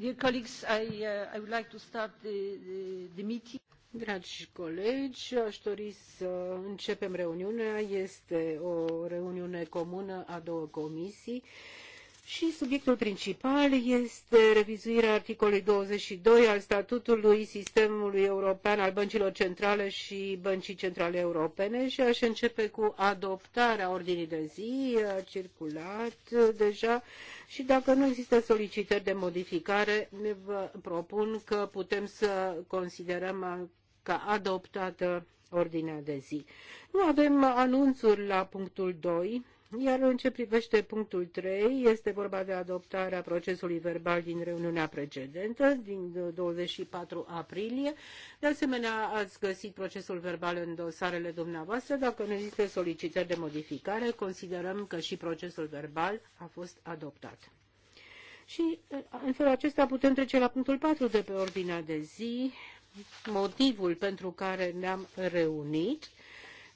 Dragi colegi, aș dori să începem reuniunea. Este o reuniune comună a două comisii. Uh, și subiectul principal este revizuirea articolului 22 al statutului sistemului european al băncilor centrale și băncii centrale europene și aș începe cu adoptarea ordinii de zi, a circulat deja și dacă nu există solicitări de modificare, vă propun că putem să considerăm ca adoptată ordinea de zi. Nu avem anunțuri la punctul 2 iar în ce privește punctul 3, este vorba de adoptarea procesului verbal din reuniunea precedentă, din 24 aprilie. De asemenea, ați găsit procesul verbal în dosarele dumneavoastră. Dacă nu există solicitări de modificare, considerăm că și procesul verbal a fost adoptat. Și în felul acesta putem trece la punctul 4 de pe ordinea de zi, motivul pentru care ne-am reunit.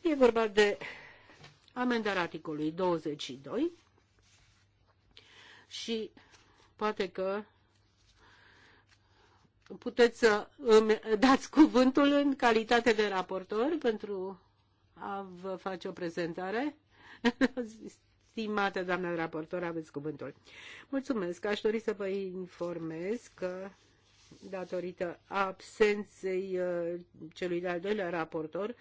E vorba de amendarea articolului 22 și poate că puteți să îmi dați cuvântul în calitate de raportor pentru a vă face o prezentare. Stimată doamnă raportor, aveți cuvântul. Mulțumesc. Aș dori să vă informez că datorită absenței uh, celui de-al doilea raportor,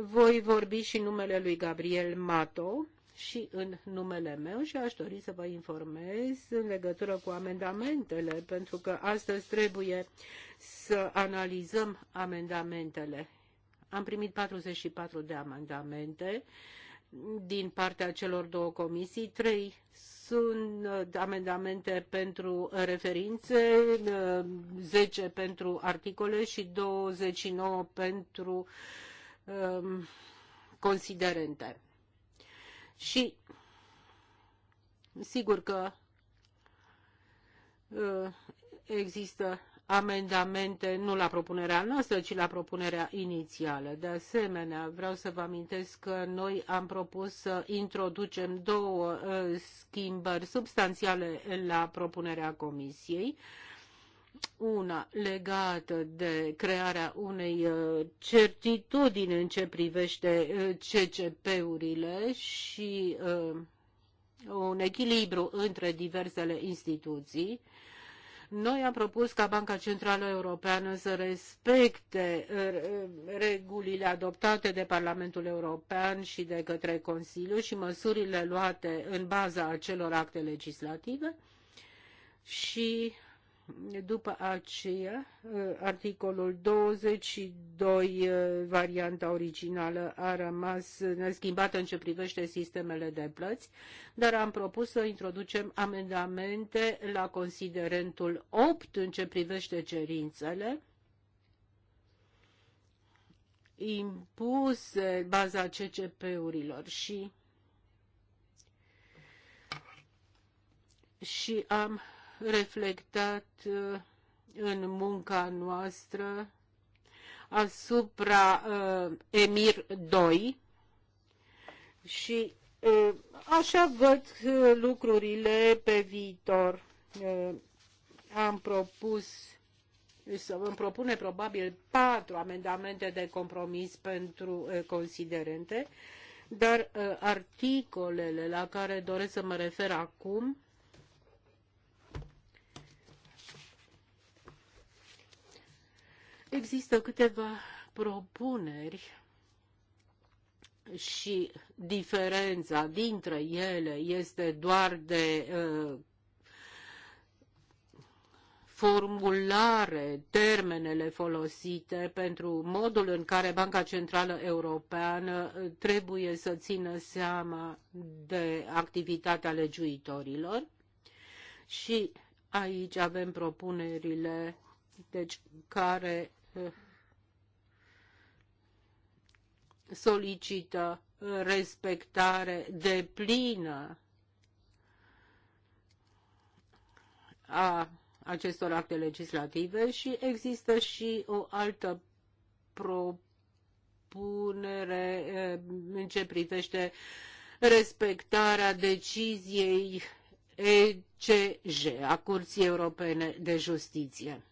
voi vorbi și numele lui Gabriel Mato și în numele meu și aș dori să vă informez în legătură cu amendamentele, pentru că astăzi trebuie să analizăm amendamentele. Am primit 44 de amendamente din partea celor două comisii, trei sunt uh, amendamente pentru referințe, 10 uh, pentru articole și 29 pentru uh, Um, considerente. Și sigur că uh, există amendamente nu la propunerea noastră, ci la propunerea inițială. De asemenea, vreau să vă amintesc că noi am propus să introducem două uh, schimbări substanțiale la propunerea Comisiei. Una legată de crearea unei uh, certitudini în ce privește uh, CCP-urile și uh, un echilibru între diversele instituții. Noi am propus ca Banca Centrală Europeană să respecte regulile adoptate de Parlamentul European și de către Consiliu și măsurile luate în baza acelor acte legislative și după aceea, articolul 22, varianta originală, a rămas neschimbată în ce privește sistemele de plăți, dar am propus să introducem amendamente la considerentul 8 în ce privește cerințele impuse baza CCP-urilor și și am reflectat uh, în munca noastră asupra uh, Emir 2 și uh, așa văd uh, lucrurile pe viitor. Uh, am propus să îmi propune probabil patru amendamente de compromis pentru uh, considerente, dar uh, articolele la care doresc să mă refer acum Există câteva propuneri și diferența dintre ele este doar de uh, formulare, termenele folosite pentru modul în care Banca Centrală Europeană uh, trebuie să țină seama de activitatea legiuitorilor. Și aici avem propunerile deci, care solicită respectare plină a acestor acte legislative și există și o altă propunere eh, în ce privește respectarea deciziei ECJ, a Curții Europene de Justiție.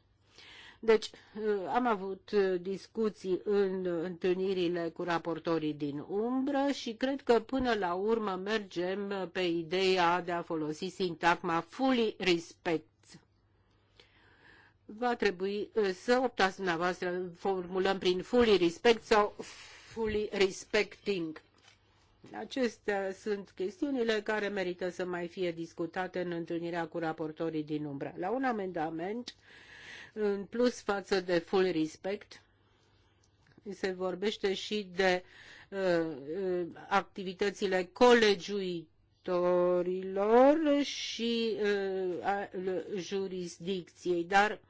Deci eh, am avut eh, discuții în eh, întâlnirile cu raportorii din umbră și cred că până la urmă mergem pe ideea de a folosi sintagma fully respect va trebui să optați dumneavoastră, formulăm prin fully respect sau fully respecting. Acestea sunt chestiunile care merită să mai fie discutate în întâlnirea cu raportorii din umbră. La un amendament în plus față de full respect, se vorbește și de uh, activitățile colegiuitorilor și uh, a jurisdicției, dar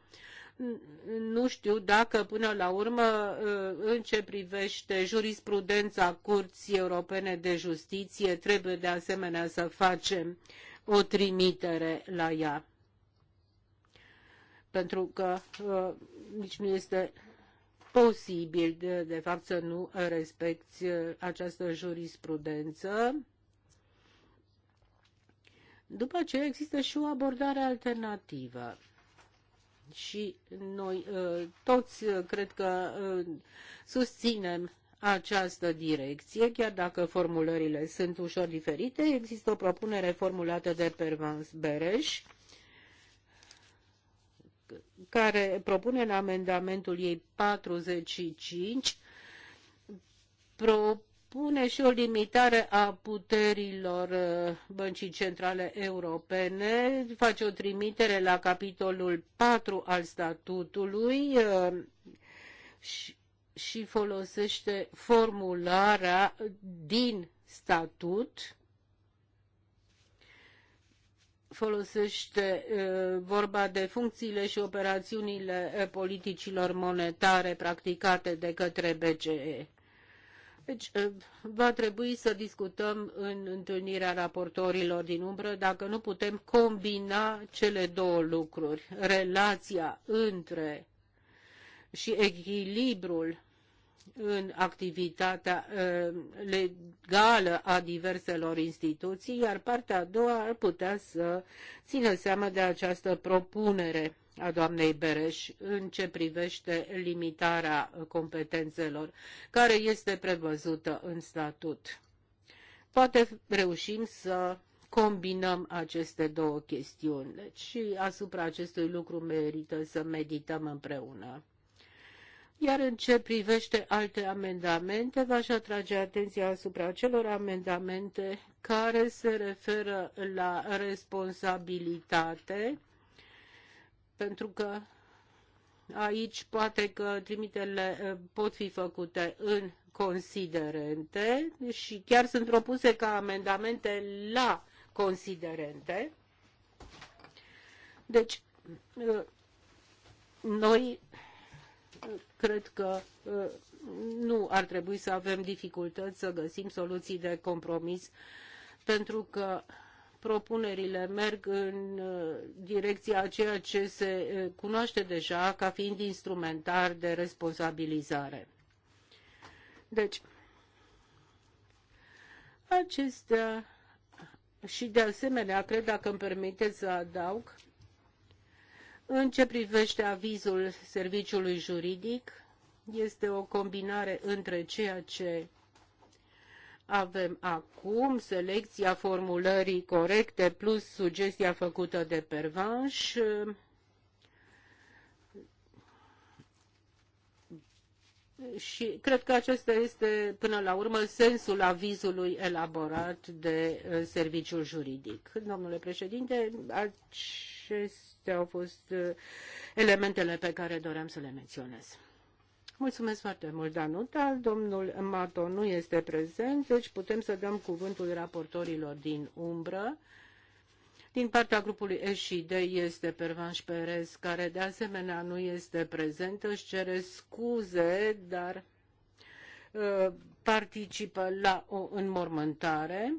nu știu dacă până la urmă uh, în ce privește jurisprudența Curții Europene de Justiție trebuie de asemenea să facem o trimitere la ea pentru că uh, nici nu este posibil, de, de fapt, să nu respecti uh, această jurisprudență. După ce există și o abordare alternativă. Și noi uh, toți uh, cred că susținem această direcție, chiar dacă formulările sunt ușor diferite. Există o propunere formulată de Pervans Bereș, care propune în amendamentul ei 45 propune și o limitare a puterilor uh, Băncii Centrale Europene, face o trimitere la capitolul 4 al statutului uh, și, și folosește formularea din statut folosește vorba de funcțiile și operațiunile politicilor monetare practicate de către BCE. Deci va trebui să discutăm în întâlnirea raportorilor din umbră dacă nu putem combina cele două lucruri, relația între și echilibrul în activitatea uh, legală a diverselor instituții, iar partea a doua ar putea să țină seama de această propunere a doamnei Bereș în ce privește limitarea competențelor care este prevăzută în statut. Poate reușim să combinăm aceste două chestiuni. Deci și asupra acestui lucru merită să medităm împreună. Iar în ce privește alte amendamente, v-aș atrage atenția asupra celor amendamente care se referă la responsabilitate, pentru că aici poate că trimitele eh, pot fi făcute în considerente și chiar sunt propuse ca amendamente la considerente. Deci, eh, noi cred că uh, nu ar trebui să avem dificultăți să găsim soluții de compromis, pentru că propunerile merg în uh, direcția a ceea ce se uh, cunoaște deja ca fiind instrumentar de responsabilizare. Deci, acestea și de asemenea, cred, dacă îmi permiteți să adaug, în ce privește avizul serviciului juridic, este o combinare între ceea ce avem acum, selecția formulării corecte plus sugestia făcută de pervanș. Și cred că acesta este, până la urmă, sensul avizului elaborat de uh, serviciul juridic. Domnule președinte, acest Acestea au fost uh, elementele pe care doream să le menționez. Mulțumesc foarte mult, Danuta. Domnul Mato nu este prezent, deci putem să dăm cuvântul raportorilor din umbră. Din partea grupului SID este Pervanș Perez, care de asemenea nu este prezent, își cere scuze, dar uh, participă la o înmormântare.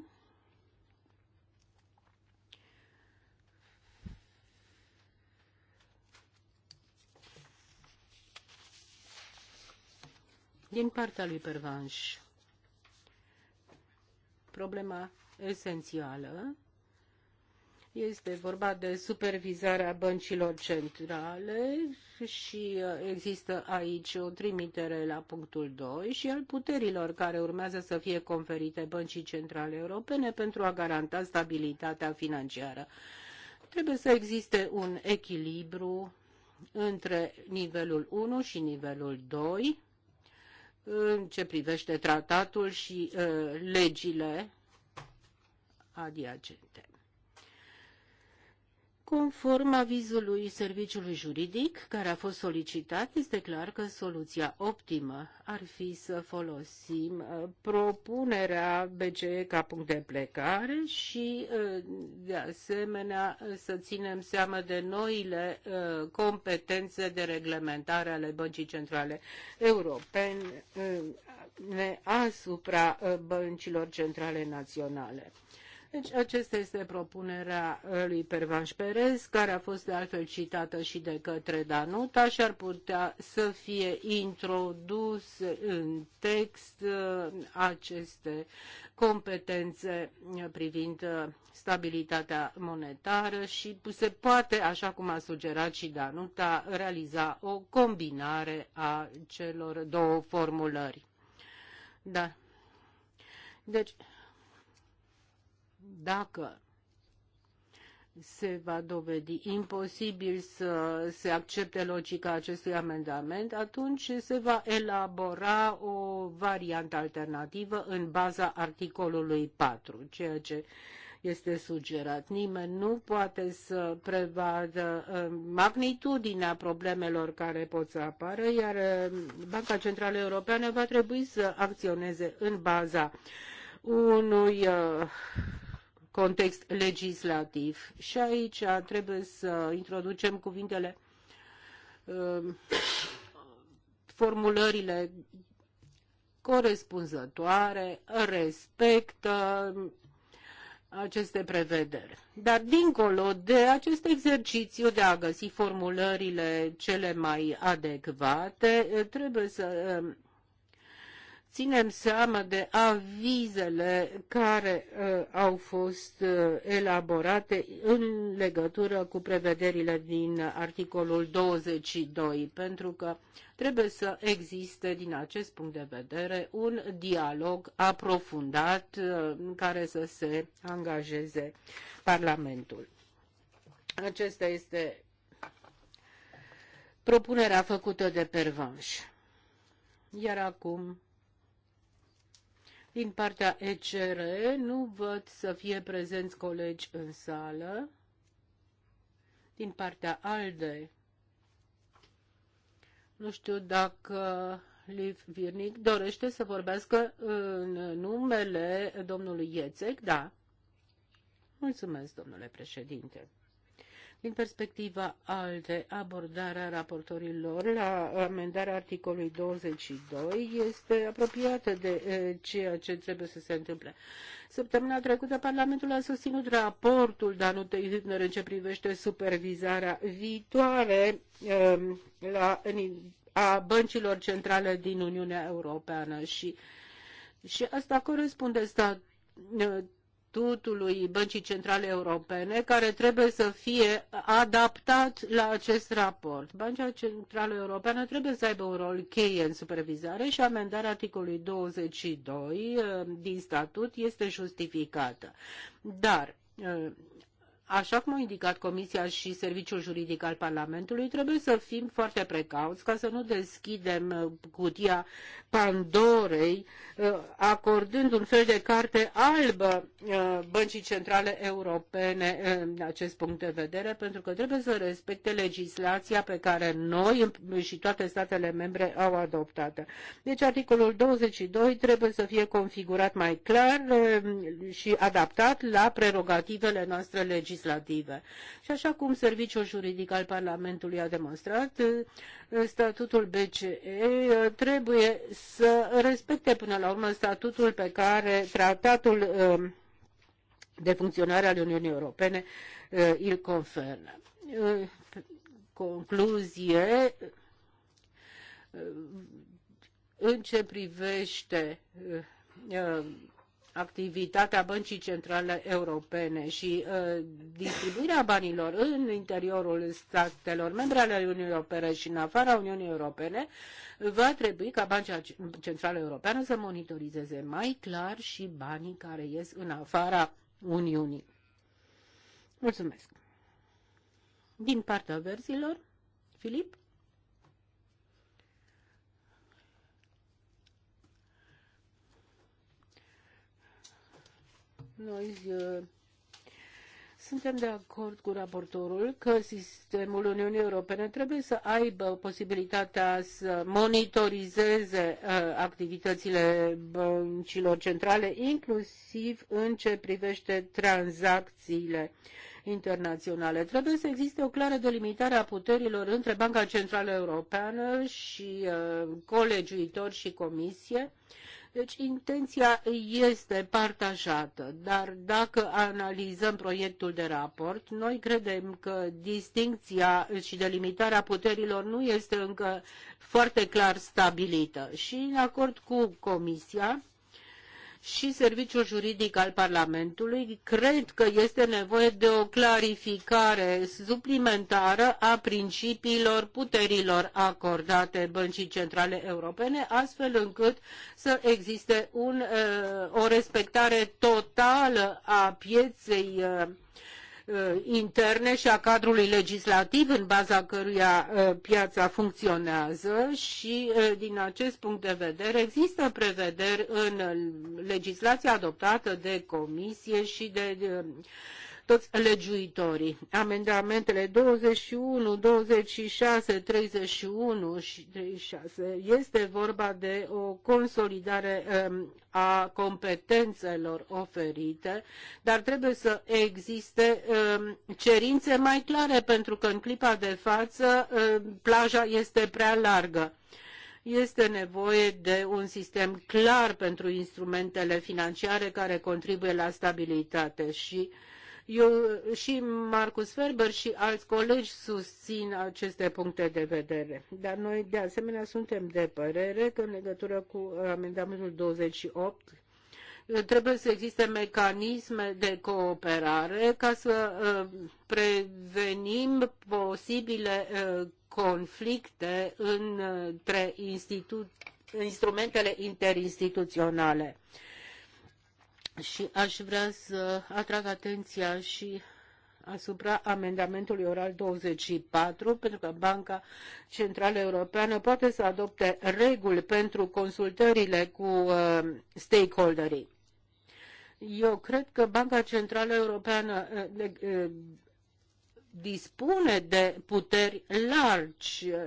din partea lui Pervanș. Problema esențială este vorba de supervizarea băncilor centrale și uh, există aici o trimitere la punctul 2 și al puterilor care urmează să fie conferite băncii centrale europene pentru a garanta stabilitatea financiară. Trebuie să existe un echilibru între nivelul 1 și nivelul 2 în ce privește tratatul și uh, legile adiacente. Conform avizului serviciului juridic care a fost solicitat, este clar că soluția optimă ar fi să folosim uh, propunerea BCE ca punct de plecare și, uh, de asemenea, uh, să ținem seama de noile competențe de reglementare ale Băncii Centrale Europene asupra băncilor centrale naționale. Deci acesta este propunerea uh, lui Pervanș Perez, care a fost de altfel citată și de către Danuta și ar putea să fie introdus în text uh, aceste competențe uh, privind stabilitatea monetară și se poate, așa cum a sugerat și Danuta, realiza o combinare a celor două formulări. Da. Deci, dacă se va dovedi imposibil să se accepte logica acestui amendament, atunci se va elabora o variantă alternativă în baza articolului 4, ceea ce este sugerat. Nimeni nu poate să prevadă uh, magnitudinea problemelor care pot să apară, iar uh, Banca Centrală Europeană va trebui să acționeze în baza unui uh, context legislativ. Și aici trebuie să introducem cuvintele, um, formulările corespunzătoare, respectă aceste prevederi. Dar dincolo de acest exercițiu de a găsi formulările cele mai adecvate, trebuie să um, ținem seama de avizele care uh, au fost uh, elaborate în legătură cu prevederile din articolul 22, pentru că trebuie să existe, din acest punct de vedere, un dialog aprofundat uh, în care să se angajeze Parlamentul. Acesta este propunerea făcută de Pervanș. Iar acum din partea ECR nu văd să fie prezenți colegi în sală. Din partea ALDE, nu știu dacă Liv Virnic dorește să vorbească în numele domnului Iețec, da. Mulțumesc, domnule președinte. Din perspectiva ALDE, abordarea raportorilor la amendarea articolului 22 este apropiată de e, eh, ceea ce trebuie să se întâmple. Săptămâna trecută, Parlamentul a susținut raportul Danutei Hübner în ce privește supervizarea viitoare e, eh, la, a băncilor centrale din Uniunea Europeană și, și asta corespunde stat eh, statutului Băncii Centrale Europene, care trebuie să fie adaptat la acest raport. Banca Centrală Europeană trebuie să aibă un rol cheie în supervizare și amendarea articolului 22 eh, din statut este justificată. Dar eh, așa cum a indicat Comisia și Serviciul Juridic al Parlamentului, trebuie să fim foarte precauți ca să nu deschidem uh, cutia Pandorei, uh, acordând un fel de carte albă uh, Băncii Centrale Europene în acest punct de vedere, pentru că trebuie să respecte legislația pe care noi și toate statele membre au adoptat. Deci articolul 22 trebuie să fie configurat mai clar și adaptat la prerogativele noastre legislative legislative. Și așa cum Serviciul Juridic al Parlamentului a demonstrat, statutul BCE trebuie să respecte până la urmă statutul pe care tratatul um, de funcționare al Uniunii Europene uh, îl conferă. Uh, concluzie, uh, în ce privește activitatea Băncii Centrale Europene și uh, distribuirea banilor în interiorul statelor membre ale Uniunii Europene și în afara Uniunii Europene, va trebui ca Banca Centrală Europeană să monitorizeze mai clar și banii care ies în afara Uniunii. Mulțumesc. Din partea verzilor, Filip? Noi uh, suntem de acord cu raportorul că sistemul Uniunii Europene trebuie să aibă posibilitatea să monitorizeze uh, activitățile băncilor centrale, inclusiv în ce privește tranzacțiile internaționale. Trebuie să existe o clară delimitare a puterilor între Banca Centrală Europeană și uh, colegiuitori și comisie deci intenția este partajată, dar dacă analizăm proiectul de raport, noi credem că distincția și delimitarea puterilor nu este încă foarte clar stabilită. Și în acord cu Comisia, și Serviciul Juridic al Parlamentului, cred că este nevoie de o clarificare suplimentară a principiilor puterilor acordate Băncii Centrale Europene, astfel încât să existe un, uh, o respectare totală a pieței uh, Uh, interne și a cadrului legislativ în baza căruia uh, piața funcționează și uh, din acest punct de vedere există prevederi în legislația adoptată de comisie și de toți legiuitorii. Amendamentele 21, 26, 31 și 36 este vorba de o consolidare um, a competențelor oferite, dar trebuie să existe um, cerințe mai clare pentru că în clipa de față um, plaja este prea largă este nevoie de un sistem clar pentru instrumentele financiare care contribuie la stabilitate și uh, eu și Marcus Ferber și alți colegi susțin aceste puncte de vedere. Dar noi de asemenea suntem de părere că în legătură cu amendamentul 28 trebuie să existe mecanisme de cooperare ca să uh, prevenim posibile uh, conflicte între instrumentele interinstituționale. Și aș vrea să atrag atenția și asupra amendamentului oral 24, pentru că Banca Centrală Europeană poate să adopte reguli pentru consultările cu uh, stakeholderii. Eu cred că Banca Centrală Europeană uh, uh, dispune de puteri largi. Uh,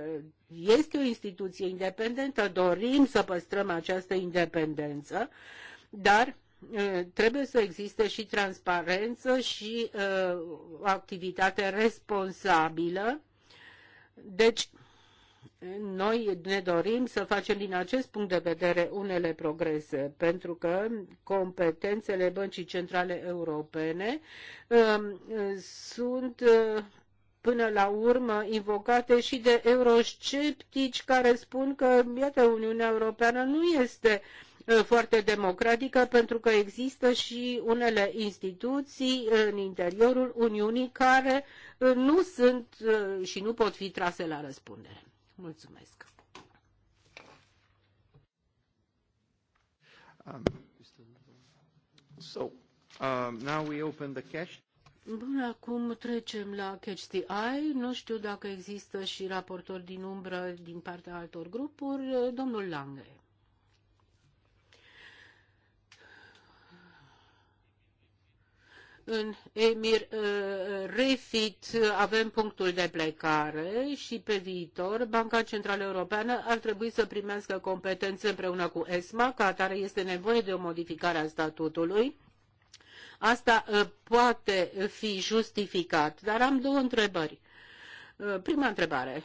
este o instituție independentă, dorim să păstrăm această independență, dar trebuie să existe și transparență și uh, o activitate responsabilă. Deci, noi ne dorim să facem din acest punct de vedere unele progrese, pentru că competențele Băncii Centrale Europene uh, sunt uh, până la urmă invocate și de eurosceptici care spun că, iată, Uniunea Europeană nu este uh, foarte democratică pentru că există și unele instituții în interiorul Uniunii care nu sunt și nu pot fi trase la răspundere. Mulțumesc. Um, so, um, now we open the Bun, acum trecem la Catch the Eye. Nu știu dacă există și raportori din umbră din partea altor grupuri. Domnul Lange. În Emir uh, Refit uh, avem punctul de plecare și pe viitor Banca Centrală Europeană ar trebui să primească competențe împreună cu ESMA, ca atare este nevoie de o modificare a statutului. Asta uh, poate fi justificat, dar am două întrebări. Prima întrebare.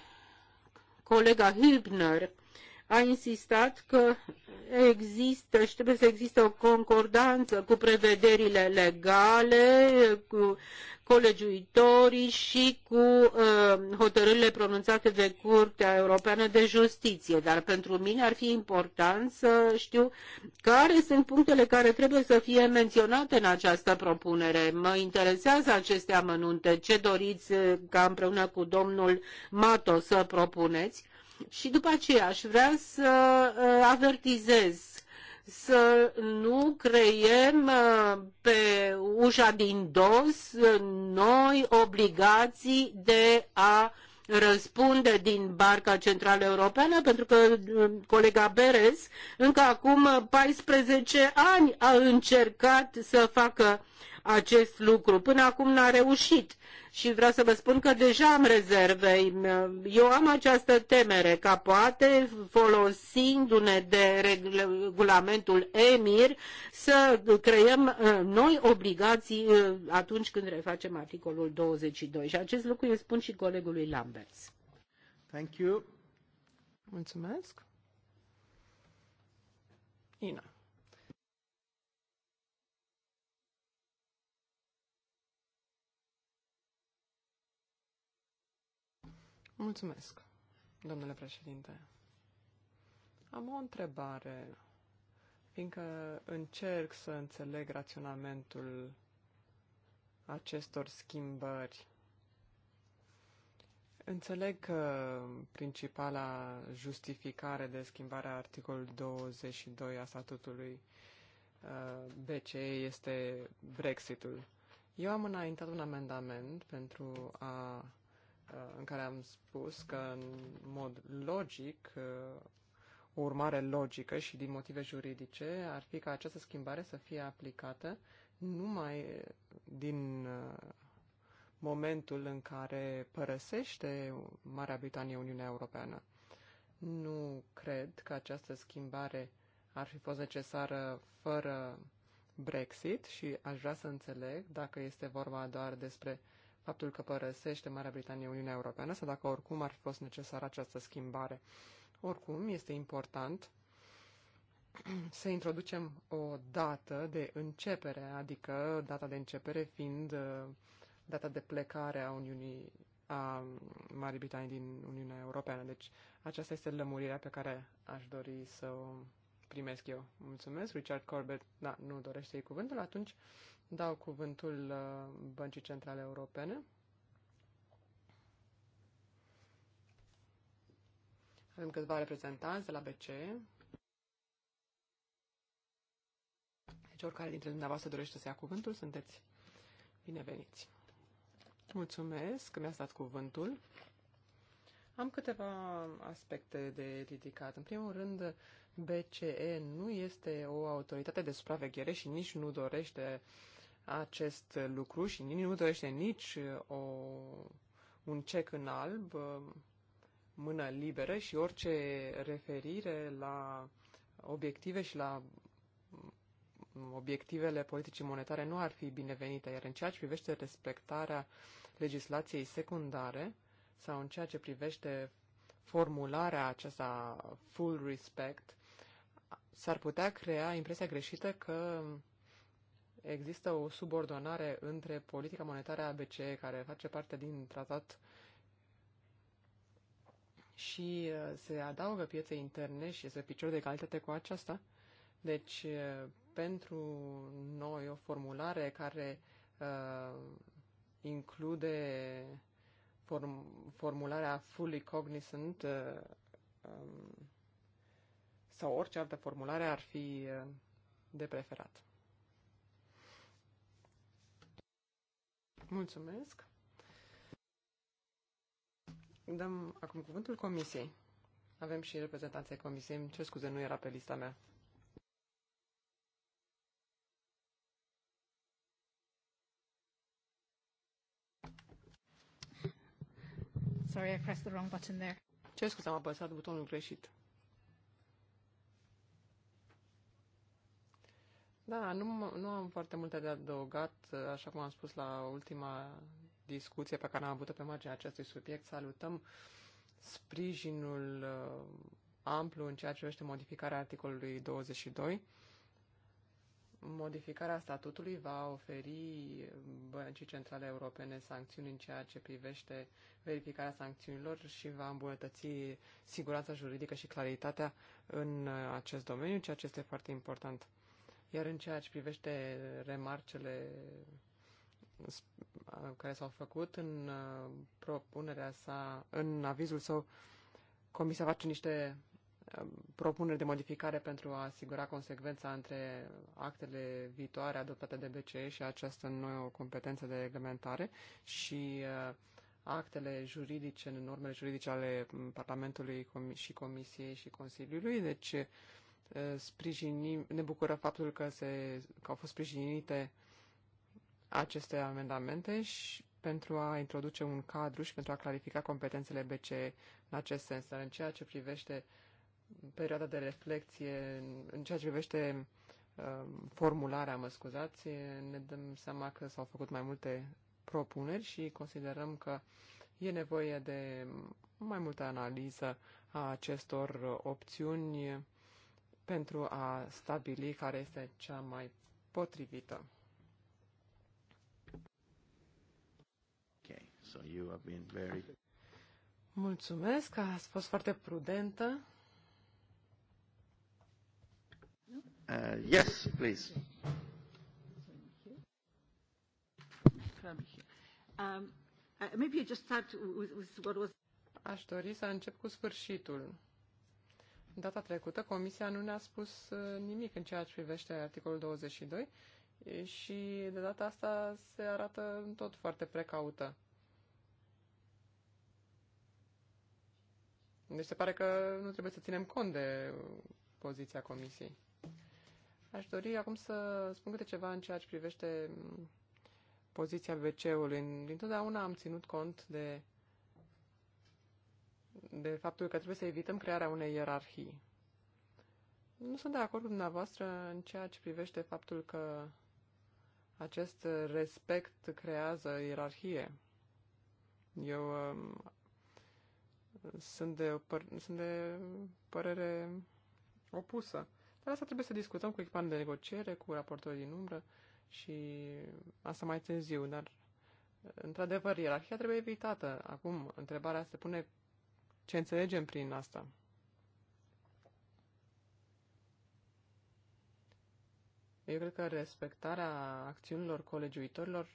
Colega Hübner a insistat că există și trebuie să existe o concordanță cu prevederile legale, cu colegiuitorii și cu uh, hotărârile pronunțate de Curtea Europeană de Justiție. Dar pentru mine ar fi important să știu care sunt punctele care trebuie să fie menționate în această propunere. Mă interesează aceste amănunte. Ce doriți ca împreună cu domnul Mato să propuneți? Și după aceea aș vrea să uh, avertizez să nu creiem uh, pe ușa din dos uh, noi obligații de a răspunde din barca centrală europeană, pentru că colega Beres încă acum 14 ani a încercat să facă acest lucru. Până acum n-a reușit și vreau să vă spun că deja am rezerve. Eu am această temere ca poate, folosindu-ne de regulamentul EMIR, să creăm uh, noi obligații uh, atunci când refacem articolul 22. Și acest lucru îl spun și colegului Lamberts. Thank you. Mulțumesc. Ina. Mulțumesc, domnule președinte. Am o întrebare, fiindcă încerc să înțeleg raționamentul acestor schimbări. Înțeleg că principala justificare de schimbare a articolului 22 a statutului uh, BCE este Brexitul. Eu am înaintat un amendament pentru a Uh, în care am spus că în mod logic, uh, o urmare logică și din motive juridice ar fi ca această schimbare să fie aplicată numai din uh, momentul în care părăsește Marea Britanie Uniunea Europeană. Nu cred că această schimbare ar fi fost necesară fără Brexit și aș vrea să înțeleg dacă este vorba doar despre uh, faptul că părăsește Marea Britanie Uniunea Europeană sau dacă oricum ar fi fost necesară această schimbare. Oricum, este important să introducem o dată de începere, adică data de începere fiind uh, data de plecare a Uniunii a Marii Britanii din Uniunea Europeană. Deci aceasta este lămurirea pe care aș dori să o primesc eu. Mulțumesc, Richard Corbett. Da, nu dorește ei cuvântul, atunci Dau cuvântul uh, Băncii Centrale Europene. Avem câțiva reprezentanți de la BCE. Deci oricare dintre dumneavoastră dorește să ia cuvântul, sunteți bineveniți. Mulțumesc că mi-ați dat cuvântul. Am câteva aspecte de ridicat. În primul rând, BCE nu este o autoritate de supraveghere și nici nu dorește uh, acest lucru și nu dorește nici o, un cec în alb, uh, mână liberă și orice referire la obiective și la mm, obiectivele politicii monetare nu ar fi binevenite, iar în ceea ce privește respectarea legislației secundare sau în ceea ce privește formularea aceasta full respect, s-ar putea crea impresia greșită că există o subordonare între politica monetară a BCE, care face parte din tratat, și uh, se adaugă pieței interne și este picior de calitate cu aceasta. Deci, uh, pentru noi, o formulare care uh, include form- formularea fully cognizant uh, um, sau orice altă formulare ar fi uh, de preferat. Mulțumesc. Dăm acum cuvântul comisiei. Avem și reprezentanții comisiei. Îmi cer scuze, nu era pe lista mea. Sorry, I pressed the wrong button there. Ce scuze, am apăsat butonul greșit. Da, nu, nu am foarte multe de adăugat, așa cum am spus la ultima discuție pe care am avut-o pe marginea acestui subiect. Salutăm sprijinul uh, amplu în ceea ce privește modificarea articolului 22. Modificarea statutului va oferi Băncii Centrale Europene sancțiuni în ceea ce privește verificarea sancțiunilor și va îmbunătăți siguranța juridică și claritatea în uh, acest domeniu, ceea ce este foarte important. Iar în ceea ce privește remarcele care s-au făcut în uh, propunerea sa, în avizul său, Comisia face niște uh, propuneri de modificare pentru a asigura consecvența între actele viitoare adoptate de BCE și această nouă competență de reglementare și uh, actele juridice, normele juridice ale Parlamentului și Comisiei și Consiliului. Deci Uh, sprijinim, ne bucură faptul că, se, că au fost sprijinite aceste amendamente și pentru a introduce un cadru și pentru a clarifica competențele BCE în acest sens. Dar în ceea ce privește perioada de reflexie, în ceea ce privește uh, formularea, mă scuzați, ne dăm seama că s-au făcut mai multe propuneri și considerăm că e nevoie de mai multă analiză a acestor opțiuni pentru a stabili care este cea mai potrivită. Okay, so you have been very... Mulțumesc, a fost foarte prudentă. Uh, yes, please. Um, uh, maybe you just start with, with what was... Aș dori să încep cu sfârșitul. Data trecută, Comisia nu ne-a spus uh, nimic în ceea ce privește articolul 22 și de data asta se arată tot foarte precaută. Deci se pare că nu trebuie să ținem cont de poziția Comisiei. Aș dori acum să spun câte ceva în ceea ce privește poziția BC-ului. Dintotdeauna am ținut cont de de faptul că trebuie să evităm crearea unei ierarhii. Nu sunt de acord cu dumneavoastră în ceea ce privește faptul că acest respect creează ierarhie. Eu um, sunt, de, păr- sunt de părere opusă. Dar asta trebuie să discutăm cu echipa de negociere, cu raportorii din umbră și asta mai târziu, dar într-adevăr, ierarhia trebuie evitată. Acum, întrebarea se pune ce înțelegem prin asta? Eu cred că respectarea acțiunilor colegiuitorilor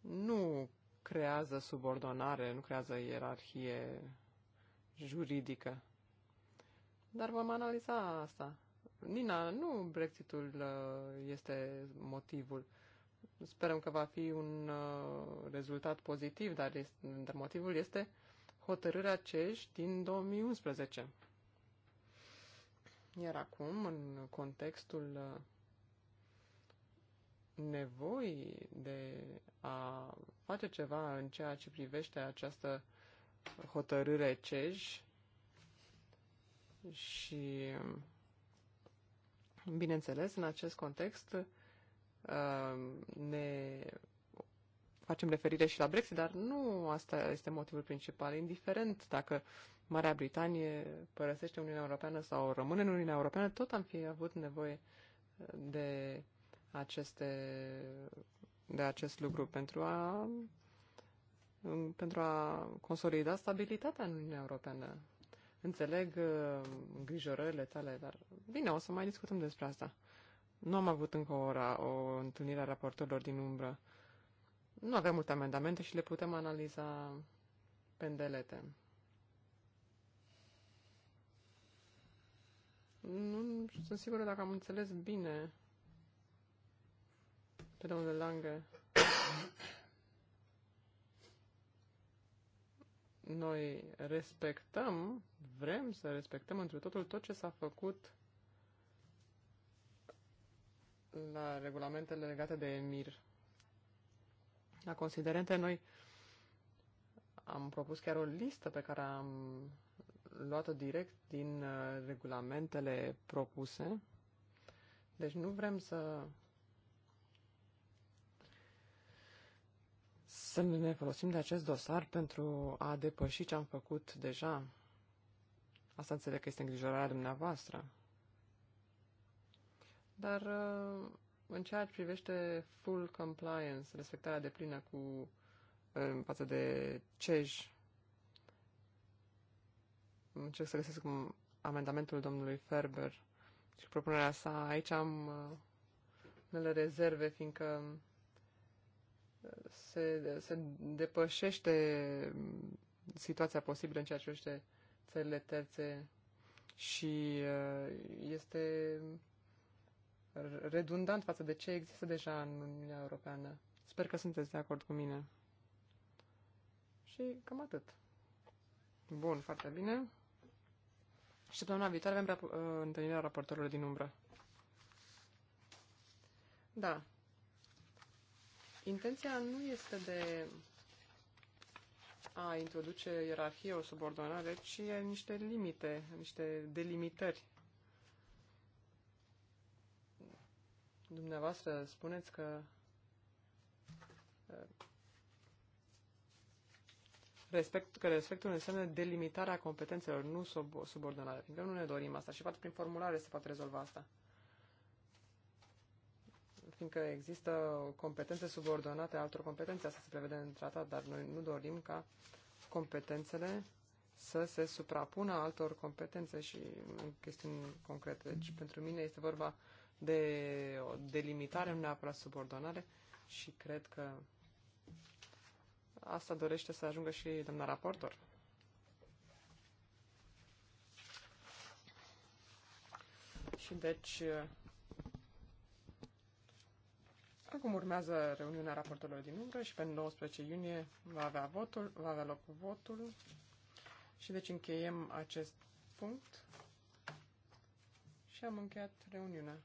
nu creează subordonare, nu creează ierarhie juridică. Dar vom analiza asta. Nina, nu Brexitul uh, este motivul. Sperăm că va fi un uh, rezultat pozitiv, dar, este, dar motivul este hotărârea CEJ din 2011. Iar acum, în contextul uh, nevoii de a face ceva în ceea ce privește această hotărâre CEJ și, bineînțeles, în acest context uh, ne facem referire și la Brexit, dar nu asta este motivul principal. Indiferent dacă Marea Britanie părăsește Uniunea Europeană sau rămâne în Uniunea Europeană, tot am fi avut nevoie de aceste de acest lucru pentru a pentru a consolida stabilitatea în Uniunea Europeană. Înțeleg uh, îngrijorările tale, dar bine, o să mai discutăm despre asta. Nu am avut încă o, o întâlnire a raportorilor din umbră nu avem multe amendamente și le putem analiza pendelete. Nu sunt sigură dacă am înțeles bine pe domnul Lange. Noi respectăm, vrem să respectăm întru totul tot ce s-a făcut la regulamentele legate de EMIR la considerente, noi am propus chiar o listă pe care am luat-o direct din uh, regulamentele propuse. Deci nu vrem să să ne folosim de acest dosar pentru a depăși ce am făcut deja. Asta înțeleg că este îngrijorarea dumneavoastră. Dar uh, în ceea ce privește full compliance, respectarea de plină cu în față de CEJ, încerc să găsesc amendamentul domnului Ferber și propunerea sa. Aici am uh, unele rezerve, fiindcă uh, se, se depășește mm, situația posibilă în ceea ce privește țările terțe și uh, este redundant față de ce există deja în Uniunea Europeană. Sper că sunteți de acord cu mine. Și cam atât. Bun, foarte bine. Și săptămâna viitoare avem rap- uh, întâlnirea raportorilor din umbră. Da. Intenția nu este de a introduce ierarhie, o subordonare, ci niște limite, niște delimitări Dumneavoastră spuneți că uh, respect, că respectul înseamnă delimitarea competențelor, nu sub, subordonarea. că nu ne dorim asta și poate prin formulare se poate rezolva asta. Fiindcă există competențe subordonate altor competențe, asta se prevede în tratat, dar noi nu dorim ca competențele să se suprapună altor competențe și în chestiuni concrete. Deci pentru mine este vorba de delimitare, nu neapărat subordonare și cred că asta dorește să ajungă și doamna raportor. Și deci Acum urmează reuniunea raportorilor din umbră și pe 19 iunie va avea, votul, va avea loc votul și deci încheiem acest punct și am încheiat reuniunea.